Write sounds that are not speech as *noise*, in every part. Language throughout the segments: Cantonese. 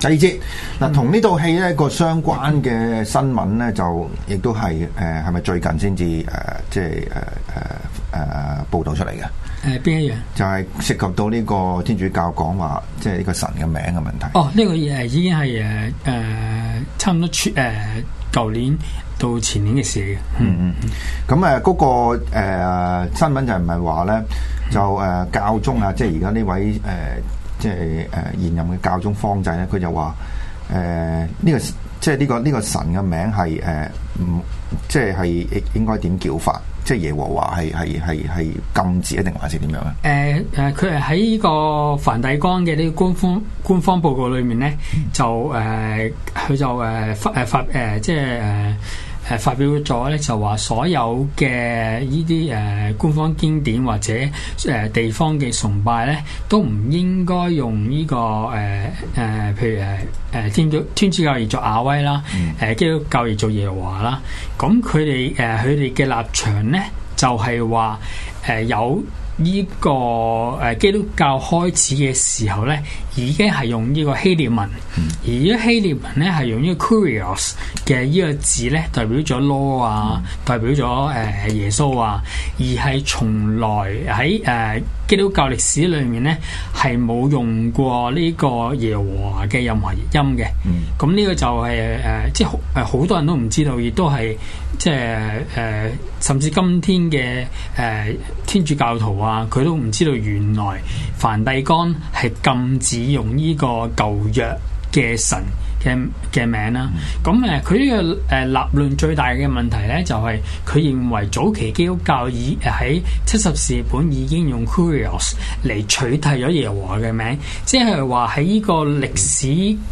第二節嗱，同、啊、呢套戲咧個相關嘅新聞咧，就亦都係誒，係、呃、咪最近先至誒，即係誒誒誒報道出嚟嘅？誒邊、呃、一樣？就係涉及到呢個天主教講話，即係呢個神嘅名嘅問題。哦，呢、這個誒已經係誒誒差唔多出誒舊年到前年嘅事嘅。嗯嗯咁啊，嗰、嗯那個誒、呃、新聞就唔係話咧，就誒、呃、教宗啊，嗯、即係而家呢位誒。呃即係誒現任嘅教宗方濟咧，佢就話誒呢個即係呢、這個呢、這個神嘅名係誒唔即係係應該點叫法？即係耶和華係係係係禁止，一定還是點樣咧？誒誒、呃，佢係喺呢個梵蒂岡嘅呢個官方官方報告裏面咧，就誒佢、呃、就誒、呃、發誒發誒即係誒。呃誒發表咗咧，就話所有嘅呢啲誒官方經典或者誒、呃、地方嘅崇拜咧，都唔應該用呢、這個誒誒、呃呃，譬如誒誒天主天主教譯做亞威啦，誒基督教譯做耶和華啦。咁佢哋誒佢哋嘅立場咧，就係話誒有。呢個誒基督教開始嘅時候咧，已經係用呢個希臘文，而呢個希臘文咧，係用呢個 Kyrios 嘅呢個字咧，代表咗 Lord 啊，代表咗誒耶穌啊，而係從來喺誒。呃基督教歷史裏面咧，係冇用過呢個耶和華嘅任何譯音嘅。咁呢、嗯、個就係、是、誒、呃，即係誒好多人都唔知道，亦都係即係誒、呃，甚至今天嘅誒、呃、天主教徒啊，佢都唔知道原來梵蒂岡係禁止用呢個舊約嘅神嘅嘅名啦，咁誒佢呢個誒立論最大嘅問題咧、就是，就係佢認為早期基督教已喺、呃、七十士本已經用 curios 嚟取締咗耶和華嘅名，即係話喺呢個歷史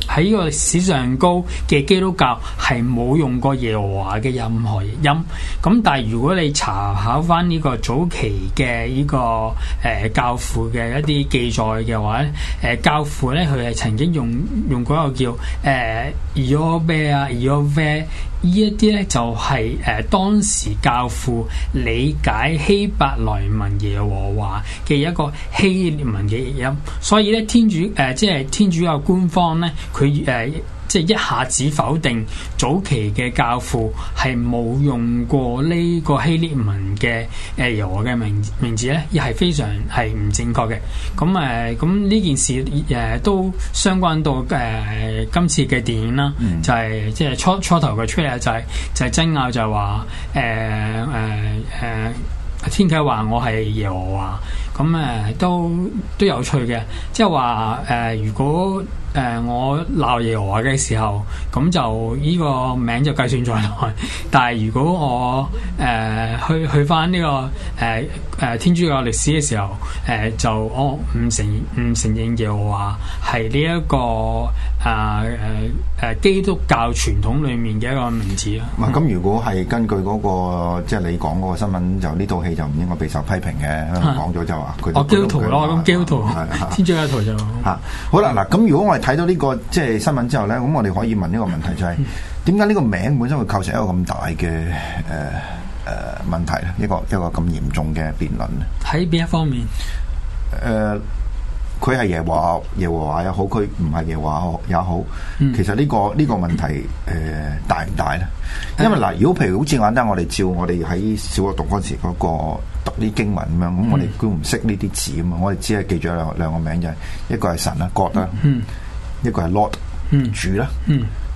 喺呢個史上高嘅基督教係冇用過耶和華嘅任何音。咁但係如果你查考翻呢個早期嘅呢、這個誒、呃、教父嘅一啲記載嘅話咧，誒、呃、教父咧佢係曾經用用過一個叫誒。呃誒 y 咩啊 y 咩？呢一啲咧就係、是、誒、呃、當時教父理解希伯來文耶和華嘅一個希臘文嘅譯音，所以咧天主誒、呃、即係天主教官方咧佢誒。即係一下子否定早期嘅教父係冇用過呢個希列文嘅誒俄嘅名名字咧，亦係非常係唔正確嘅。咁誒，咁、呃、呢件事誒、呃、都相關到誒、呃、今次嘅電影啦，嗯、就係、是、即係初初頭嘅出嚟就係、是、就係、是、爭拗就係話誒誒誒，天啟話我係耶和華。咁誒、嗯、都都有趣嘅，即係話誒如果誒、呃、我鬧耶和華嘅時候，咁就呢個名就計算在內，但係如果我誒、呃、去去翻呢、這個誒誒、呃、天主教歷史嘅時候，誒、呃、就我唔承唔承認嘅話、這個，係呢一個誒誒誒基督教傳統裏面嘅一個名字啊。唔係咁，如果係根據、那個即係、就是、你講個新聞就呢套戲就唔應該備受批評嘅。講咗就話、是。我膠、 *music* 哦、圖咯，咁膠吧、嗯、圖，天將一圖就吓好啦嗱。咁如果我哋睇到呢、這個即係新聞之後咧，咁我哋可以問呢個問題就係、是，點解呢個名本身會構成一個咁大嘅誒誒問題咧？一個一個咁嚴重嘅辯論咧？喺邊一方面？誒、呃。佢係耶和華、耶和華也好，佢唔係耶和華也好。其實呢個呢個問題誒大唔大咧？因為嗱，如果譬如好似我啱我哋照我哋喺小學讀嗰時嗰個讀啲經文咁樣，咁我哋都唔識呢啲字啊嘛，我哋只係記住兩兩個名就係，一個係神啦，God 啦，一個係 Lord，主啦。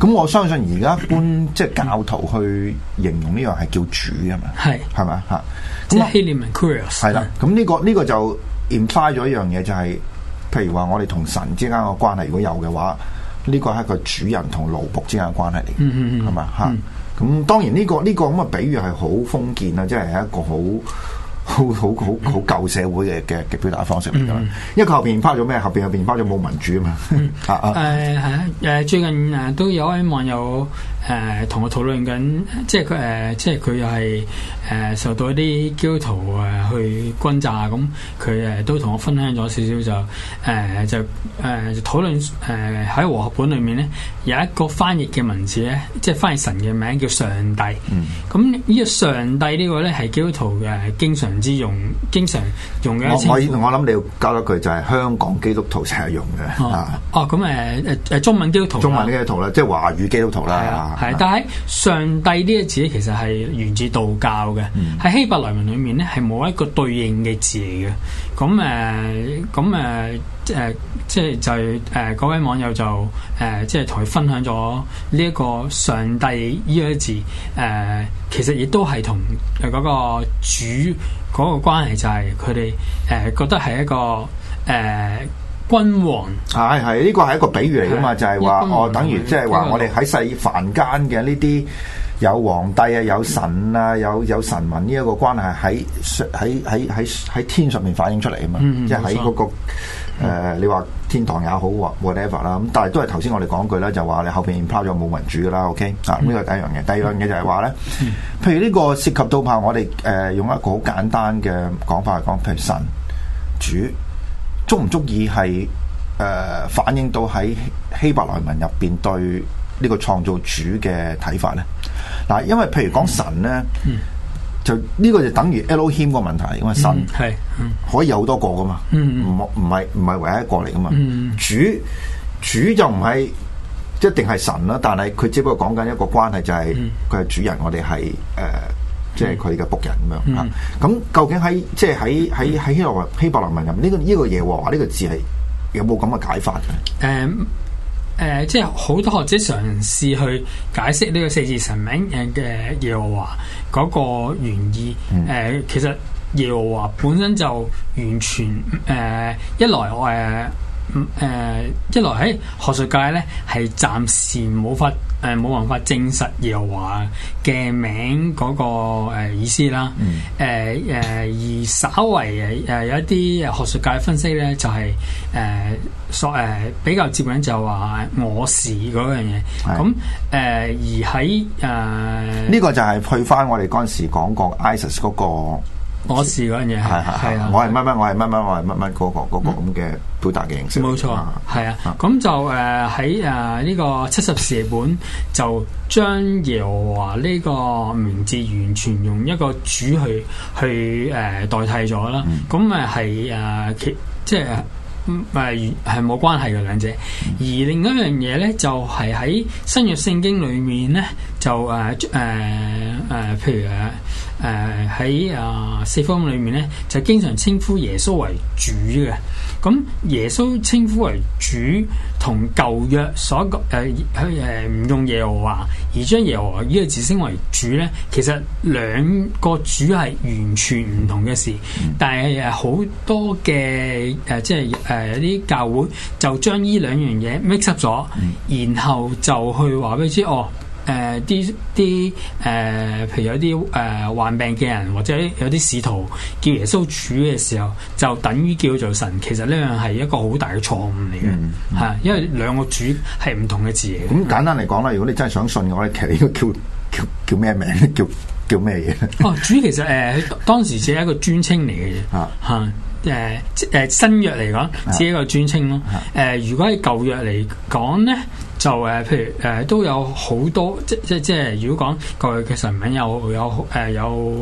咁我相信而家一般即係教徒去形容呢樣係叫主啊嘛，係係咪嚇？咁啊，Him and Yours 係啦。咁呢個呢個就 imply 咗一樣嘢，就係。譬如話我哋同神之間嘅關係如果有嘅話，呢個係一個主人同奴僕之間嘅關係嚟嘅，係嘛吓？咁、嗯嗯、當然呢、這個呢、這個咁嘅比喻係好封建啊，即係係一個好好好好好舊社會嘅嘅表達方式嚟噶。因為佢後邊包咗咩？後邊後邊包咗冇民主啊嘛。誒係啊，誒最近誒都有位網友。誒同、呃、我討論緊，即係佢誒，即係佢又係誒受到一啲基督徒誒去轟炸咁，佢誒都同我分享咗少少，少就誒、呃、就誒、呃、討論誒喺和合本裏面咧有一個翻譯嘅文字咧，即係翻譯神嘅名叫上帝。咁呢個上帝呢個咧係基督徒嘅，經常之用，經常用嘅。我我諗你要交多句，就係香港基督徒成日用嘅哦咁誒誒誒中文基督徒，中文基督徒啦，即係華語基督徒啦、啊。啊係，但係上帝呢個字其實係源自道教嘅，喺希、嗯、伯來文裏面咧係冇一個對應嘅字嚟嘅。咁誒，咁誒誒，即係就係誒嗰位網友就誒，即係同佢分享咗呢一個上帝呢個字誒、呃，其實亦都係同誒嗰個主嗰個關係，就係佢哋誒覺得係一個誒，呃君王，係係呢個係一個比喻嚟噶嘛，是就係話王、哦、我等於即係話我哋喺世凡間嘅呢啲有皇帝啊，有神啊，有有神民呢一個關係喺喺喺喺喺天上面反映出嚟啊嘛，即係喺嗰個誒、嗯呃，你話天堂也好，whatever 啦，咁但係都係頭先我哋講句啦，就話你後邊拋咗冇民主噶啦，OK 啊，呢個第一樣嘢。第二樣嘢就係話咧，嗯、譬如呢個涉及到怕我哋誒、呃、用一個好簡單嘅講法嚟講，譬如神主。主足唔足以係誒、呃、反映到喺希伯來文入邊對呢個創造主嘅睇法咧？嗱，因為譬如講神咧，嗯嗯、就呢、這個就等於、Elohim 個問題，因為神係可以有好多個噶嘛，唔唔係唔係唯一一個嚟噶嘛。嗯嗯嗯、主主就唔係一定係神啦，但係佢只不過講緊一個關係、就是，就係佢係主人，我哋係誒。呃即係佢嘅僕人咁樣啊！咁、嗯嗯、究竟喺即係喺喺喺希羅希伯來文入邊呢個呢、這個耶和華呢個字係有冇咁嘅解法嘅？誒誒、呃呃，即係好多學者嘗試去解釋呢個四字神名嘅耶和華嗰個原意。誒、嗯呃，其實耶和華本身就完全誒、呃、一來誒、呃。嗯，誒、呃呃、一來喺學術界咧，係暫時冇法誒冇辦法證實耶和華嘅名嗰個意思啦。誒誒，而稍為誒有一啲學術界分析咧，就係誒所誒、呃、比較接近就話我事是嗰樣嘢。咁、呃、誒而喺誒呢個就係配翻我哋嗰陣時講過 ISIS 嗰 IS、嗰個。我試嗰樣嘢係係啊，啊啊我係乜乜，我係乜乜，我係乜乜嗰個嗰個咁嘅表達嘅形式。冇、嗯、錯，係啊。咁、啊嗯、就誒喺誒呢個七十士譯本就將耶和華呢個名字完全用一個主去去誒、uh, 代替咗啦。咁誒係誒其即係誒係冇關係嘅兩者。嗯、而另一樣嘢咧，就係、是、喺新約聖經裡面咧，就誒誒誒譬如誒。Uh, 誒喺啊四福音裏面咧，就經常稱呼耶穌為主嘅。咁耶穌稱呼為主，同舊約所講誒唔用耶和華，而將耶和華呢個字稱為主咧，其實兩個主係完全唔同嘅事。但係誒好多嘅誒、呃、即係誒啲教會就將呢兩樣嘢 mix up 咗，然後就去話俾你知哦。誒，啲啲誒，譬如有啲誒、呃、患病嘅人，或者有啲使徒叫耶穌主嘅時候，就等於叫做神。其實呢樣係一個好大嘅錯誤嚟嘅，係、嗯嗯、因為兩個主係唔同嘅字嘅。咁、嗯、簡單嚟講啦，如果你真係想信我哋，其實應該呢個叫叫叫咩名叫叫咩嘢咧？哦，主其實誒、呃，當時只係一個尊稱嚟嘅啫。啊吓，誒誒，新約嚟講只係一個尊稱咯。誒，如果喺舊約嚟講咧。就誒、呃，譬如誒、呃，都有好多即即即係，如果講過去嘅神名，有有誒有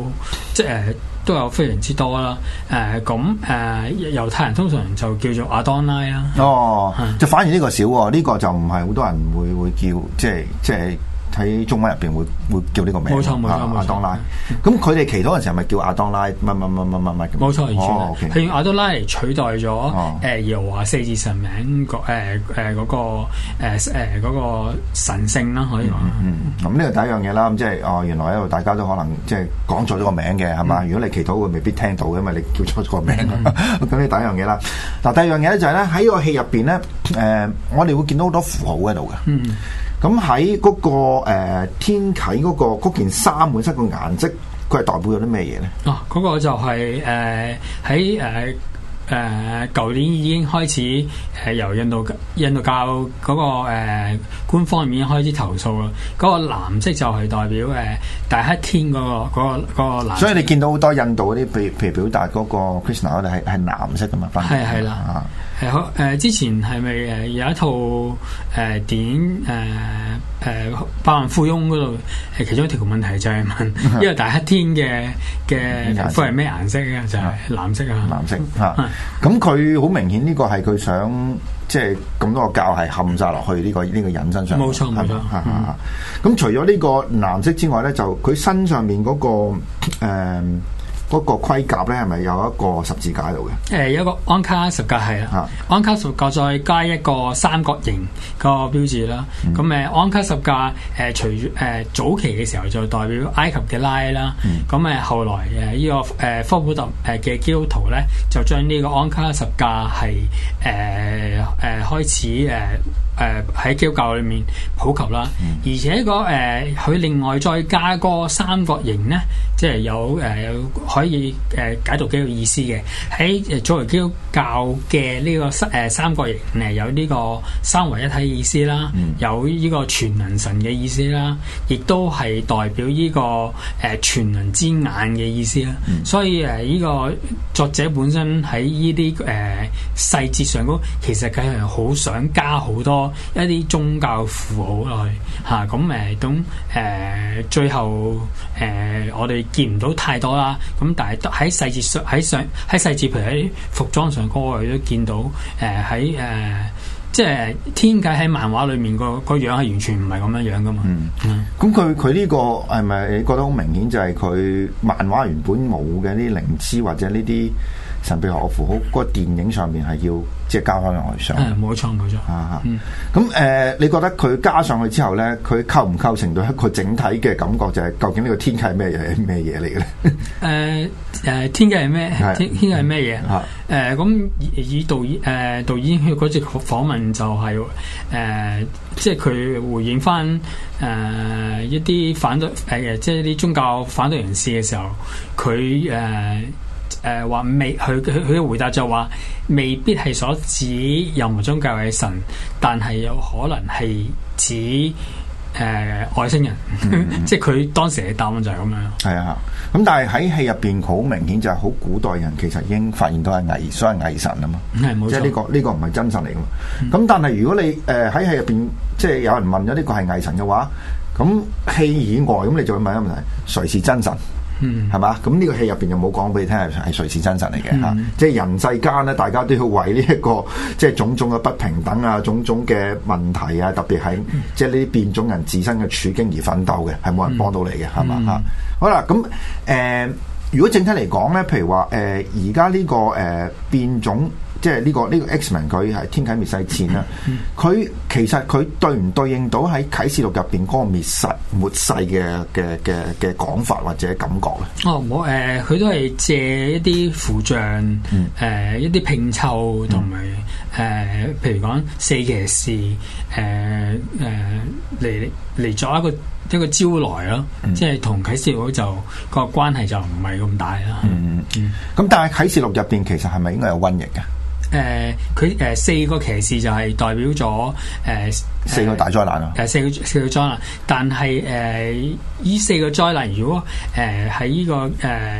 即誒、呃，都有非常之多啦。誒咁誒，呃呃，猶太人通常就叫做阿當拉啦。哦，係。就反而呢個少喎，呢、呢個就唔係好多人會會叫即即。即睇中文入邊會會叫呢個名，冇錯、冇錯、啊、阿當拉。咁佢哋祈禱嘅時候，咪叫阿當拉？乜乜乜乜乜乜？冇錯，冇錯啊！哦 okay. 用阿當拉嚟取代咗誒，耶和華、哦、四字神名，誒誒嗰個誒誒、啊那個啊那個、神性啦，可以講。咁呢度第一樣嘢啦，咁即係哦，原來喺度大家都可能即係講錯咗個名嘅，係嘛？嗯、如果你祈禱，會未必聽到嘅嘛，因為你叫錯咗個名。咁你、嗯嗯、第一樣嘢啦，嗱，第二樣嘢咧就係咧喺個戲入邊咧，誒、呃呃，我哋會見到好多符號喺度嘅。咁喺嗰個、呃、天啟嗰、那個嗰件衫本身個顏色，佢係代表咗啲咩嘢咧？啊，嗰、那個就係誒喺誒誒舊年已經開始誒由印度印度教嗰、那個、呃、官方、方面開始投訴啦。嗰、那個藍色就係代表誒大黑天嗰、那個嗰、那個、那個、藍色。所以你見到好多印度嗰啲，譬如譬如表達嗰個 Krishna，我哋係係藍色噶嘛，反嚟。係係啦。啊誒好誒，之前係咪誒有一套誒電影誒誒《百、呃呃、萬富翁》嗰度誒其中一條問題就係，問大黑天嘅嘅衣服係咩顏色嘅就係、是、藍色啊！藍色嚇，咁佢好明顯呢個係佢想即係咁多個教係冚晒落去呢個呢、這個人身上。冇錯，冇是錯嚇，咁嗎、嗯啊、除咗呢個藍色之外咧，就佢身上面、那、嗰個、嗯嗰個盔甲咧，係咪有一個十字架喺度嘅？誒、呃，有一個安卡十架係啦，啊啊、安卡十架再加一個三角形個標誌啦。咁誒、嗯，安卡十架誒，除咗誒早期嘅時候就代表埃及嘅拉啦。咁誒、嗯，後來誒依個誒科普特誒嘅基督徒咧，就將呢個安卡十架係誒誒開始誒。呃誒，喺基督教裏面普及啦，而且、那個誒佢、呃、另外再加個三角形咧，即係有誒有、呃、可以誒、呃、解讀幾個意思嘅。喺作為基督教嘅呢個誒三角形誒有呢個三位一體意思啦，嗯、有呢個全能神嘅意思啦，亦都係代表呢、這個誒、呃、全能之眼嘅意思啦。嗯、所以誒呢、呃這個作者本身喺呢啲誒細節上嗰，其實佢係好想加好多。一啲宗教符號落去吓，咁、啊、誒，咁、嗯、誒、嗯，最後誒、呃，我哋見唔到太多啦。咁、嗯、但係喺細節上，喺上喺細節，譬如喺服裝上、嗰個，我哋都見到誒，喺、呃、誒、呃，即係天界喺漫畫裏面個個樣係完全唔係咁樣樣噶嘛。嗯，咁佢佢呢個係咪你覺得好明顯？就係佢漫畫原本冇嘅啲靈知或者呢啲。神秘學符好？嗰個電影上面係要即係交翻內傷。誒冇錯冇錯。錯啊嚇。咁誒、嗯呃，你覺得佢加上去之後咧，佢構唔構成到一個整體嘅感覺、就是？就係究竟呢個天啟係咩嘢咩嘢嚟嘅咧？誒誒、呃呃，天啟係咩？天啟係咩嘢？誒、嗯、咁、呃、以導演誒、呃、導演嗰次訪問就係、是、誒、呃，即係佢回應翻誒、呃、一啲反對誒、呃、即係啲宗教反對人士嘅時候，佢誒。呃呃誒，話、呃、未佢佢佢嘅回答就話未必係所指任何宗教嘅神，但係有可能係指誒、呃、外星人， *laughs* 即係佢當時嘅答案就係咁樣。係啊，咁但係喺戲入邊好明顯就係好古代人，其實已經發現到係偽所謂偽神啊嘛，即係、呢、呢個呢、呢個唔係真神嚟噶嘛。咁但係如果你誒喺戲入邊，即係有人問咗呢個係偽神嘅話，咁戲以外咁你就會問一個問題：誰是真神？嗯，係嘛？咁 *noise* 呢樂個戲入邊又冇講俾你聽係係瑞士真神嚟嘅嚇，即係人世間咧，大家都要為呢、這、一個即係種種嘅不平等啊、種種嘅問題啊，特別係即係呢啲變種人自身嘅處境而奮鬥嘅，係冇人幫到你嘅，係嘛嚇？好啦，咁、嗯、誒，如果整體嚟講咧，譬如話誒，而家呢個誒、呃、變種。即係呢個呢個 Xman 佢係天啟滅世戰啦，佢其實佢對唔對應到喺啟示錄入邊嗰個滅世、滅世嘅嘅嘅嘅講法或者感覺咧？哦，我誒佢都係借一啲符像誒一啲拼湊同埋誒，譬如講四騎士誒誒嚟嚟作一個一個招來咯、啊，即係同啟示錄就個關係就唔係咁大啦。咁、嗯、但係啟示錄入邊其實係咪應該有瘟疫嘅？誒佢誒四個騎士就係代表咗誒、呃、四個大災難啊！誒四、呃、四個災難，但係誒呢四個災難，如果誒喺呢個誒。呃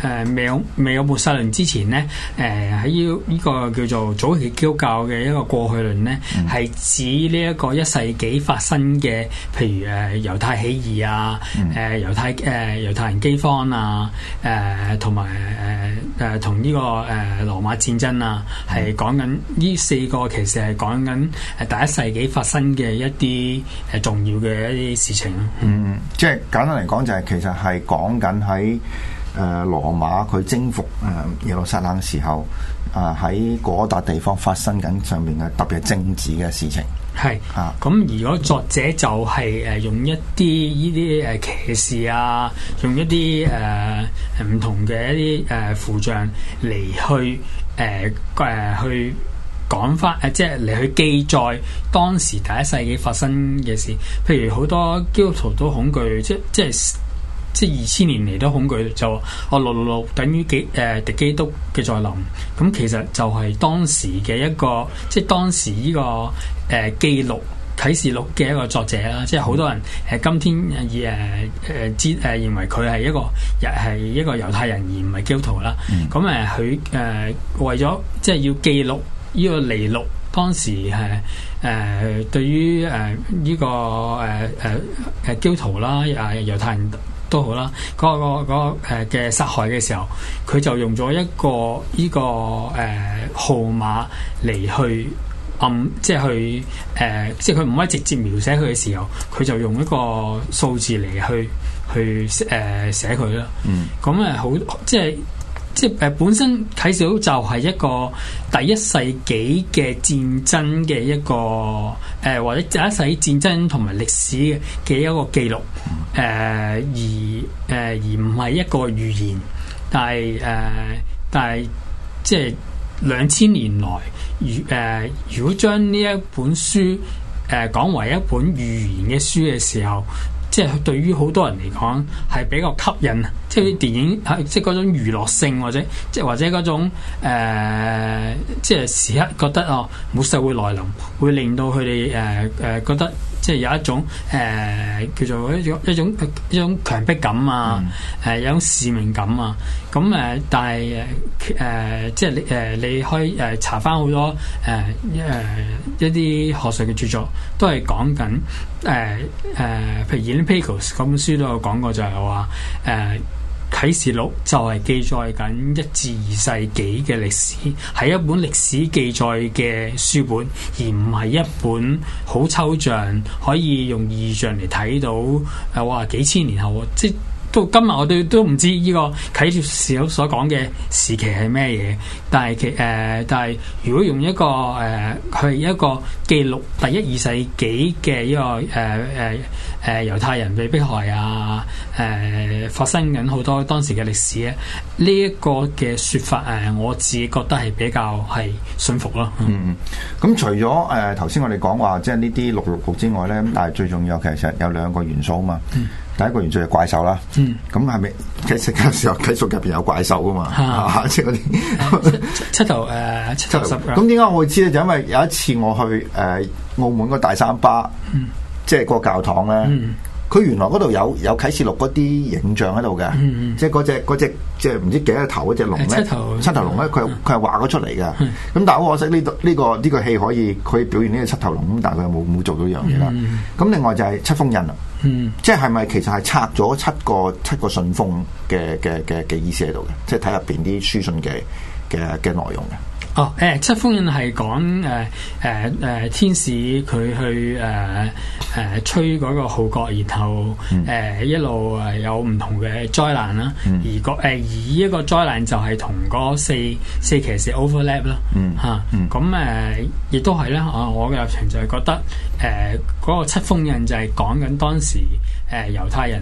誒、呃、未有未有末世論之前咧，誒喺呢依個叫做早期基督教嘅一個過去論咧，係、嗯、指呢一個一世紀發生嘅，譬如誒、啊、猶太起義啊，誒猶太誒猶太人饑荒啊，誒同埋誒誒同呢個誒、啊、羅馬戰爭啊，係講緊呢四個其實係講緊誒第一世紀發生嘅一啲係重要嘅一啲事情。嗯，嗯即係簡單嚟講、就是，就係其實係講緊喺。誒、呃、羅馬佢征服誒、呃、耶路撒冷嘅時候，啊喺嗰笪地方發生緊上面嘅特別係政治嘅事情。係是，咁、啊、如果作者就係誒用一啲呢啲誒騎士啊，用一啲誒唔同嘅一啲誒副將嚟去誒誒、呃呃、去講翻誒、呃，即係嚟去記載當時第一世紀發生嘅事，譬如好多基督徒都恐懼，即即係。即係二千年嚟都恐懼就話，哦六六六等於基誒敵、呃、基督嘅再臨，咁其實就係當時嘅一個，即係當時呢、呢個誒、呃、記錄啟示錄嘅一個作者啦，即係好多人誒今天以誒誒知誒、呃、認為佢係一個又係一個猶太人而唔係基督徒啦，咁誒佢誒為咗即係要記錄呢個記錄當時誒誒、呃、對於誒呢個誒誒誒基督徒啦，誒、呃、猶太人。都好啦，嗰、那個嗰、那個嘅殺、呃、害嘅時候，佢就用咗一個呢個誒、呃、號碼嚟去暗，即係去誒、呃，即係佢唔可以直接描寫佢嘅時候，佢就用一個數字嚟去去誒寫佢啦。呃、嗯，咁誒好即係。即係、呃、本身睇少就係一個第一世紀嘅戰爭嘅一個誒、呃，或者第一世紀戰爭同埋歷史嘅一個記錄誒、呃，而誒、呃、而唔係一個預言，但係誒、呃、但係即係兩千年來，如誒、呃、如果將呢一本書誒講、呃、為一本預言嘅書嘅時候。即係對於好多人嚟講係比較吸引，即係電影，即係嗰種娛樂性或者，即係或者嗰種、呃、即係時刻覺得哦，冇社會來臨，會令到佢哋誒誒覺得。即係有一種誒、呃、叫做一種一種一種強迫感啊，係、嗯呃、有種使命感啊。咁、嗯、誒，但係誒誒，即係你誒、呃、你可以誒查翻好多誒誒、呃、一啲學術嘅著作，都係講緊誒誒，譬如《The Pecos》嗰本書都有講過，就係話誒。呃啟示錄就係記載緊一至二世紀嘅歷史，係一本歷史記載嘅書本，而唔係一本好抽象，可以用異象嚟睇到誒，哇幾千年後，即今日我哋都唔知呢個啟示師友所講嘅時期係咩嘢，但係其誒但係如果用一個誒佢、呃、一個記錄第一二世紀嘅呢個誒誒誒猶太人被迫害啊誒、呃、發生緊好多當時嘅歷史咧，呢、這、一個嘅説法誒、呃，我自己覺得係比較係信服咯。嗯嗯，咁除咗誒頭先我哋講話即係呢啲六六六之外咧，但係最重要其實有兩個元素啊嘛。嗯第一個元素係怪獸啦，咁係咪？其實有時候繼續入邊有怪獸噶嘛，即係啲七頭誒七、度、uh, 七度十。咁點解我會知咧？就是、因為有一次我去誒、uh, 澳門個大三巴，即係、嗯、個教堂咧。嗯佢原來嗰度有有啟示錄嗰啲影像喺度嘅，嗯、即係嗰隻隻即係唔知幾多頭嗰隻龍咧，龍呢七頭龍咧，佢佢係畫咗出嚟嘅。咁、嗯、但係好可惜呢度呢個呢、這個戲可以可表現呢個七頭龍，咁但係佢冇冇做到一樣嘢啦。咁、嗯、另外就係七封印啦，嗯、即係係咪其實係拆咗七個七個信封嘅嘅嘅嘅意思喺度嘅，即係睇入邊啲書信嘅嘅嘅內容嘅。哦，誒、欸、七封印係講誒誒誒天使佢去誒誒、呃呃、吹嗰個號角，然後誒、嗯呃、一路誒有唔同嘅災難啦、嗯呃。而個誒而呢一個災難就係同嗰四四騎士 overlap 啦、啊。嚇、嗯，咁、嗯、誒、啊呃、亦都係咧、呃。我嘅立場就係覺得誒嗰、呃那個七封印就係講緊當時。誒猶太人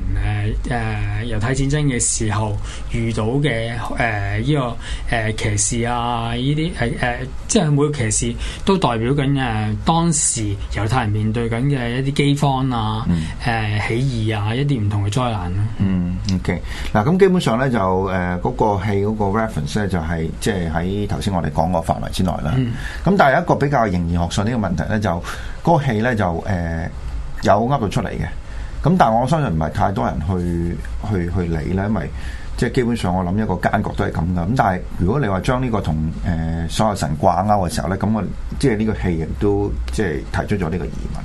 誒誒猶太戰爭嘅時候遇到嘅誒依個誒騎士啊，呢啲係誒即係每個騎士都代表緊誒當時猶太人面對緊嘅一啲饑荒啊誒起義啊一啲唔同嘅災難啦。嗯，OK 嗱，咁基本上咧就誒嗰個戲嗰個 reference 咧就係即係喺頭先我哋講個範圍之內啦。咁但係一個比較形而上學呢個問題咧，就嗰個戲咧就誒有噏到出嚟嘅。咁但係我相信唔係太多人去去去理咧，因為即係基本上我諗一個奸角都係咁噶。咁但係如果你話將呢個同誒、呃、所有神掛鈎嘅時候咧，咁我即係呢個戲亦都即係提出咗呢個疑問。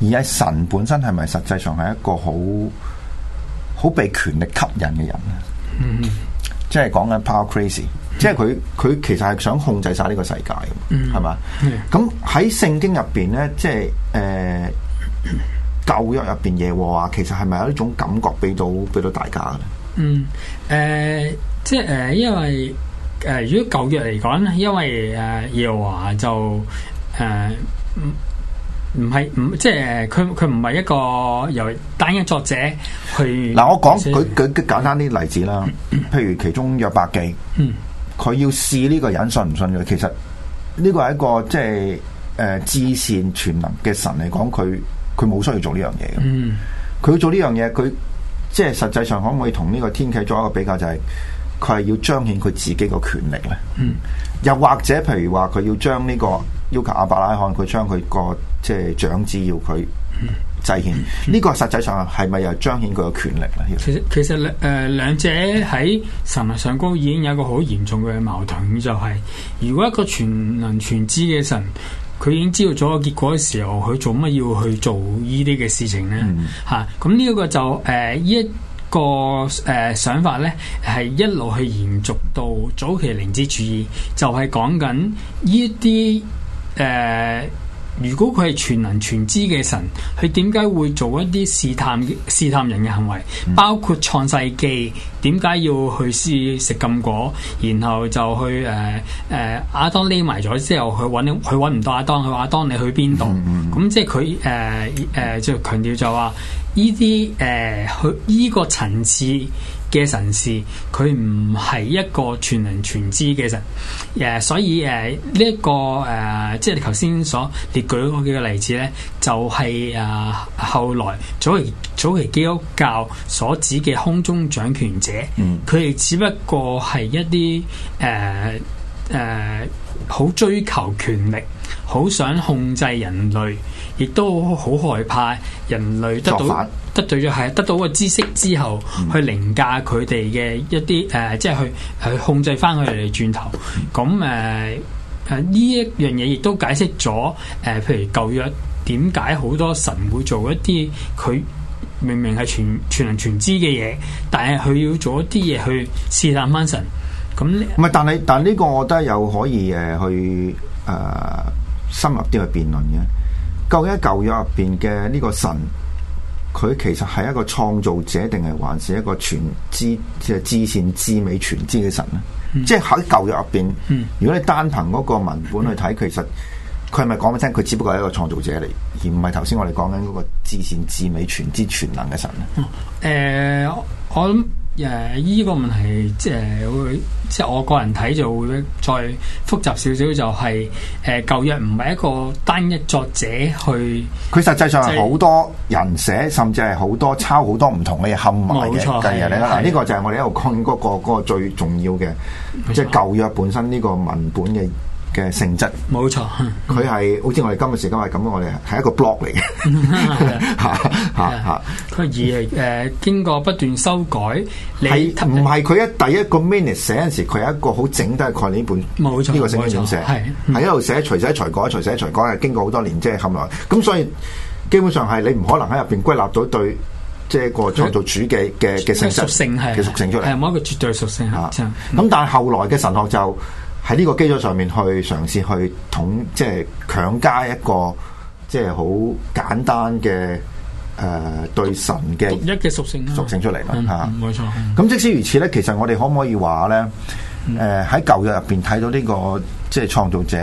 而喺神本身係咪實際上係一個好好被權力吸引嘅人咧？Mm hmm. 即係講緊 power crazy，mm hmm. 即係佢佢其實係想控制晒呢個世界，係嘛？咁喺聖經入邊咧，即係誒。呃舊約入邊嘢話，其實係咪有一種感覺俾到俾到大家咧？嗯，誒、呃，即係誒、呃呃，因為誒，如果舊約嚟講咧，因為誒，耶和華就誒，唔唔係唔即係佢佢唔係一個由單一作者去嗱、嗯，我講舉舉簡單啲例子啦，嗯嗯、譬如其中約伯記，嗯，佢要試呢個人信唔信佢，其實呢個係一個即係誒、呃、至善，善全能嘅神嚟講佢。佢冇需要做呢樣嘢嘅，佢、嗯、做呢樣嘢，佢即係實際上可唔可以同呢個天啟做一個比較？就係佢係要彰顯佢自己個權力咧，嗯、又或者譬如話佢要將呢、呢個要求阿伯拉罕，佢將佢個即係長子要佢祭獻，呢、嗯嗯嗯、個實際上係咪又彰顯佢個權力咧？其實其實誒，兩、呃、者喺神物上高已經有一個好嚴重嘅矛盾，就係、是、如果一個全能全知嘅神。佢已經知道咗個結果嘅時候，佢做乜要去做呢啲嘅事情咧？嚇，咁呢一個就誒一個誒想法咧，係一路去延續到早期靈知主義，就係講緊呢啲誒。呃如果佢係全能全知嘅神，佢點解會做一啲試探試探人嘅行為？包括創世記點解要去試食禁果，然後就去誒誒亞當匿埋咗之後，佢揾佢揾唔到亞當，佢話亞當你去邊度？咁、嗯嗯、即係佢誒誒，即、呃、係、呃、強調就話呢啲誒，去呢、呃、個層次。嘅神士，佢唔係一個全能全知嘅神，誒、呃，所以誒呢一個誒、呃，即係你頭先所列舉嗰幾個例子咧，就係、是、誒、呃、後來早期早期基督教所指嘅空中掌權者，佢哋、嗯、只不過係一啲誒誒，好、呃呃、追求權力，好想控制人類，亦都好害怕人類得到。得到咗係得到個知識之後，去凌駕佢哋嘅一啲誒、呃，即係去去控制翻佢哋轉頭。咁誒誒呢一樣嘢，亦都解釋咗誒，譬如舊約點解好多神會做一啲佢明明係全全能全知嘅嘢，但係佢要做一啲嘢去試探翻神。咁唔係，但係但呢個我覺得又可以誒去誒、呃、深入啲去辯論嘅。究竟喺舊約入邊嘅呢個神？佢其實係一個創造者，定係還是一個全知、嗯、即係至善至美全知嘅神咧？即係喺舊約入邊，如果你單憑嗰個文本去睇，嗯、其實佢係咪講咗聲，佢只不過係一個創造者嚟，而唔係頭先我哋講緊嗰個至善至美全知全能嘅神咧。誒、嗯呃，我。我諗誒，依、yeah, 個問題即係會，即係我個人睇就會再複雜少少，就是，就係誒舊約唔係一個單一作者去，佢實際上係好，就是、多人寫，甚至係好多抄好多唔同嘅嘢冚埋嘅，係啊錯，呢個就係我哋一度講嗰個嗰是個最重要嘅，即係是舊約本身呢個文本嘅嘅性質，冇錯，佢係好似我哋今日時今日咁，我哋係一個 block 嚟嘅，嚇嚇佢而係誒經過不斷修改，係唔係佢一第一個 manus 寫嗰陣時，佢係一個好整體概念本，冇錯。呢個聖經上寫係一路寫隨寫隨改隨寫隨改，係經過好多年，即係後來。咁所以基本上係你唔可能喺入邊歸納到對即係個創造主嘅嘅嘅性質性係嘅屬性出嚟，係冇一個絕對屬性嚇。咁但係後來嘅神學就喺呢個基礎上面去嘗試去統，即、就、係、是、強加一個即係好簡單嘅誒、呃、對神嘅獨一嘅屬性、啊，屬性出嚟啦嚇。冇、嗯、錯。咁、啊嗯、即使如此咧，其實我哋可唔可以話咧？誒、呃、喺舊約入邊睇到呢、這個即係、就是、創造者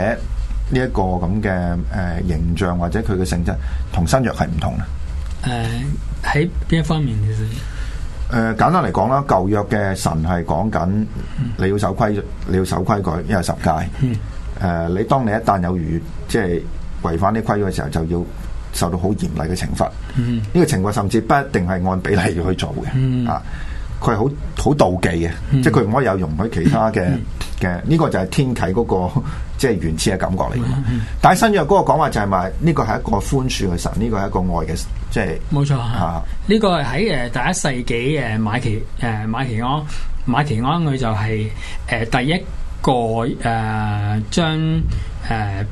呢一個咁嘅誒形象，或者佢嘅性質同新約係唔同咧？誒喺邊一方面其實？誒、呃，簡單嚟講啦，舊約嘅神係講緊你要守規，嗯、你要守規矩，因為十誡。誒、嗯呃，你當你一旦有如即係違反呢規矩嘅時候，就要受到好嚴厲嘅懲罰。呢、嗯、個懲罰甚至不一定係按比例要去做嘅。嗯、啊，佢係好好妒忌嘅，嗯、即係佢唔可以有容許其他嘅、嗯。嗯嗯嘅呢個就係天啟嗰、那個即係原始嘅感覺嚟、嗯嗯、但係新約嗰個講話就係話呢個係一個寬恕嘅神？呢、這個係一個愛嘅，即係冇錯。呢、啊、個喺誒第一世紀誒馬其誒馬其安馬奇安佢就係、是、誒、呃、第一個誒、呃、將誒呢、呃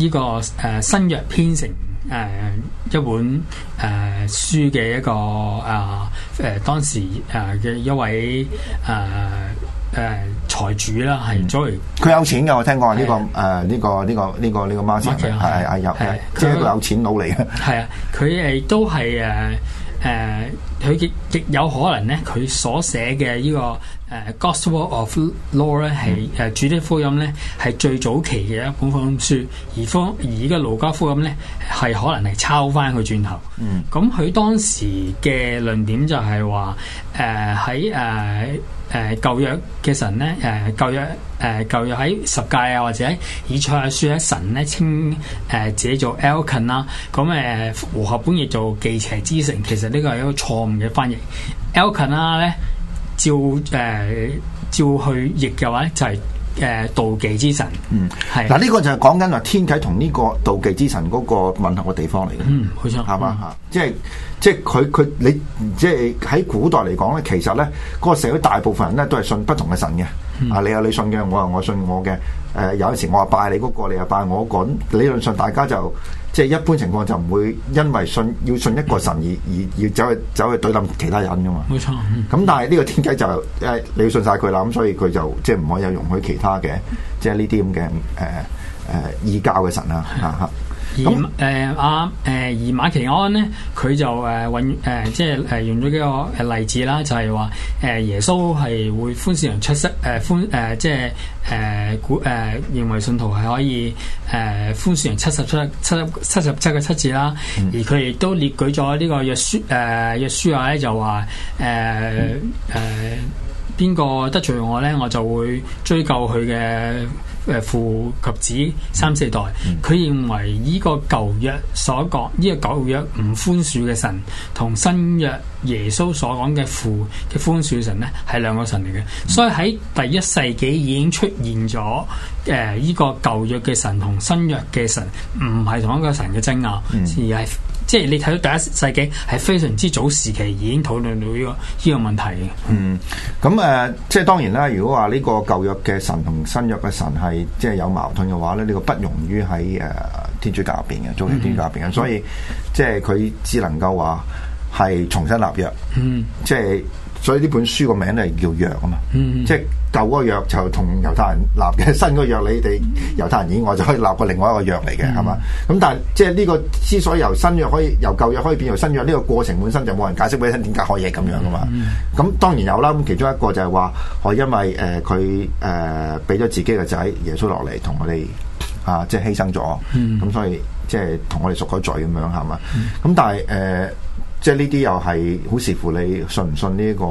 這個誒、呃、新約編成誒、呃、一本誒、呃、書嘅一個誒誒、呃、當時誒嘅、呃、一位誒。呃誒財、啊、主啦，係唔追佢有錢嘅。我聽過啊。呢的、這個誒呢、呃這個呢、這個呢、這個呢、這個馬仔係啊有，即係一個有錢佬嚟嘅。係啊，佢係都係誒誒，佢極極有可能咧，佢所寫嘅呢、這個。誒《uh, Gospel of Law、uh, 嗯》咧係誒主的福音咧係最早期嘅一本福音書，而方而而家《路加福音呢》咧係可能係抄翻佢轉頭。咁佢、嗯嗯、當時嘅論點就係話誒喺誒誒舊約嘅神咧誒、啊、舊約誒、啊、舊約喺十戒啊或者以賽亞書咧神咧稱誒、呃、自己做 Elkin 啦、啊，咁誒和合本譯做忌邪之城，其實呢個係一個錯誤嘅翻譯。Elkin 啦咧。照誒、呃，照去譯嘅話，就係、是、誒、呃、妒忌之神。嗯，係嗱是，呢個就係講緊話天啟同呢個妒忌之神嗰個吻合嘅地方嚟嘅。嗯，係嘛吓，即係即係佢佢你即係喺古代嚟講咧，其實咧嗰、那個社會大部分人咧都係信不同嘅神嘅。啊、嗯，你有你信嘅，我啊我信我嘅。誒、呃，有陣時我話拜你嗰、那個，你又拜我、那個，咁理論上大家就。即係一般情況就唔會因為信要信一個神，而而要走去走去對冧其他人㗎嘛。冇錯。咁、嗯、但係呢個天啟就誒你要信晒佢啦，咁所以佢就即係唔可以容許其他嘅即係呢啲咁嘅誒誒異教嘅神啊的啊！啊而誒阿誒而馬其安咧，佢就誒揾誒即係誒用咗幾個誒例子啦，就係話誒耶穌係會寬恕人七十誒寬誒即係誒古誒認為信徒係可以誒寬恕人七十七七十七個七字啦。嗯、而佢亦都列舉咗呢個約書誒、呃、約書亞、啊、咧，就話誒誒邊個得罪我咧，我就會追究佢嘅。誒，父及子三四代，佢、嗯、認為依個舊約所講，依、這個舊約唔寬恕嘅神，同新約耶穌所講嘅父嘅寬恕神咧，係兩個神嚟嘅。嗯、所以喺第一世紀已經出現咗，誒、呃，依、這個舊約嘅神同新約嘅神，唔係同一個神嘅爭拗，嗯、而係。即係你睇到第一世紀係非常之早時期已經討論到呢個呢個問題嘅、嗯。嗯，咁、呃、誒，即係當然啦。如果話呢個舊約嘅神同新約嘅神係即係有矛盾嘅話咧，呢、呢個不容於喺誒、呃、天主教入邊嘅，早期天主教入邊嘅，嗯、所以即係佢只能夠話係重新立約。嗯，即係。所以呢本書個名咧係叫約啊嘛，嗯、即係舊嗰個約就同猶太人立嘅，啊、新嗰個約你哋猶太人以外就可以立個另外一個約嚟嘅，係嘛、uh,？咁、嗯嗯嗯、但係即係呢個之所以由新約可以由舊約可以變做新約，呢、這個過程本身就冇人解釋俾人點解學嘢咁樣噶嘛？咁當然有啦，咁其中一個就係話我因為誒佢誒俾咗自己個仔耶穌落嚟同我哋啊即係犧牲咗，咁所以即係同我哋贖咗罪咁樣係嘛？咁但係誒。即係呢啲又係好視乎你信唔信呢、這、一個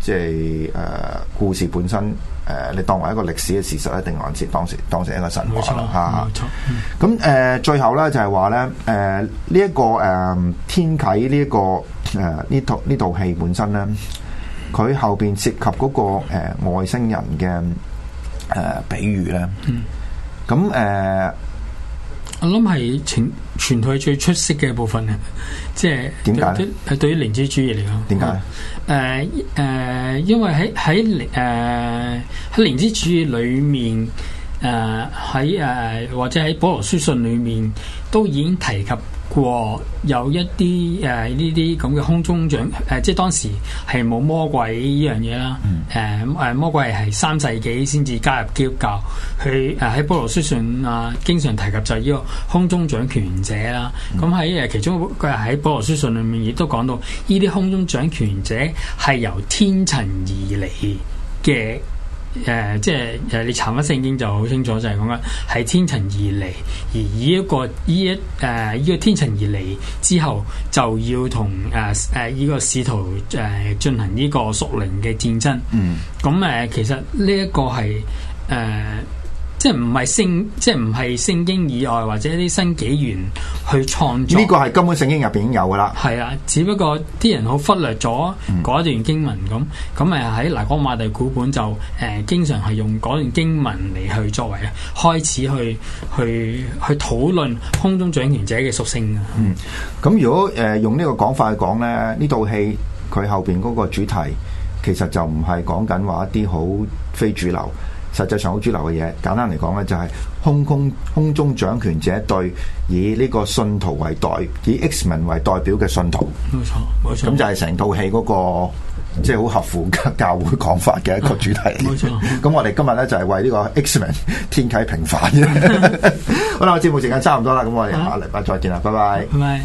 即係誒、呃、故事本身誒、呃，你當為一個歷史嘅事實，定還是當成當成一個神話吓？冇錯錯，咁誒、啊嗯呃、最後咧就係話咧，誒呢一個誒天啟呢一個誒呢套呢套戲本身咧，佢後邊涉及嗰、那個誒、呃、外星人嘅誒、呃、比喻咧，咁誒、嗯，呃、我諗係請。全係最出色嘅部分嘅，即係點解？係對於靈知主義嚟講，點解咧？誒、呃呃、因為喺喺誒喺靈知主義裏面誒喺誒或者喺《保羅書信》裏面都已經提及。過有一啲誒呢啲咁嘅空中掌，誒、呃，即係當時係冇魔鬼呢樣嘢啦。誒誒、嗯呃，魔鬼係三世紀先至加入基督教，佢誒喺《保羅書信》啊，經常提及就係呢個空中掌權者啦。咁喺誒其中佢喺《保羅書信》裏面亦都講到，呢啲空中掌權者係由天塵而嚟嘅。誒、呃，即係誒，你查翻聖經就好清楚就，就係咁樣係天神而嚟，而以一個依一誒依、呃、個天神而嚟之後，就要同誒誒依個使徒誒、呃、進行呢個屬靈嘅戰爭。嗯，咁誒、呃，其實呢一個係誒。呃即係唔係聖，即係唔係聖經以外或者啲新紀元去創作。呢個係根本聖經入邊已經有噶啦。係啊，只不過啲人好忽略咗嗰段經文咁，咁咪喺拿戈瑪第古本就誒、呃，經常係用嗰段經文嚟去作為開始去去去討論空中掌權者嘅屬性啊。嗯，咁如果誒、呃、用呢個講法去講咧，呢套戲佢後邊嗰個主題其實就唔係講緊話一啲好非主流。實際上好主流嘅嘢，簡單嚟講咧，就係空空空中掌權者對以呢個信徒為代，以 X-Men 為代表嘅信徒，冇錯冇錯，咁就係成套戲嗰個即係好合乎教會講法嘅一個主題。咁、啊、我哋今日咧就係為呢個 X-Men 天啟平反。 *laughs* *laughs* 好啦，我節目時間差唔多啦，咁我哋下個禮拜再見啦，拜拜。唔該。